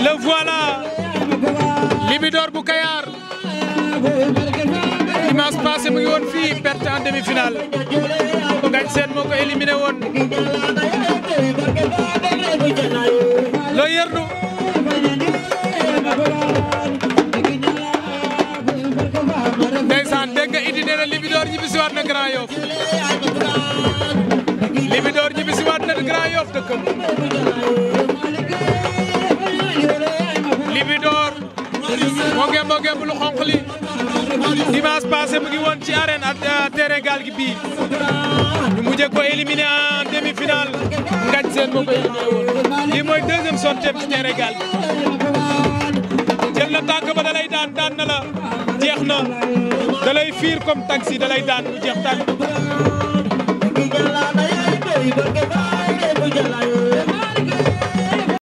le voilà Libidor bu Kayar dimanche passé mu ngi woon fii perte en demi-finale Ngagne Sène ko éliminé woon loo yërnu ndeysaan dégg nga indi nee na Libidor ñibbisiwaat na Grand Yoff Grand Yoff dëkkam Libidor lu xonq li dimanche passé mu ngi ci arène ak euh, terrain gaal gi bii ñu mujjee ko éliminé en demi-finale ngañ seen moo ko éliminé woon lii mooy deuxième sortie ci terrain gaal bi jël na tànk ba da lay daan daan na la jeex na da lay fiir comme taxi da daan jeex tànk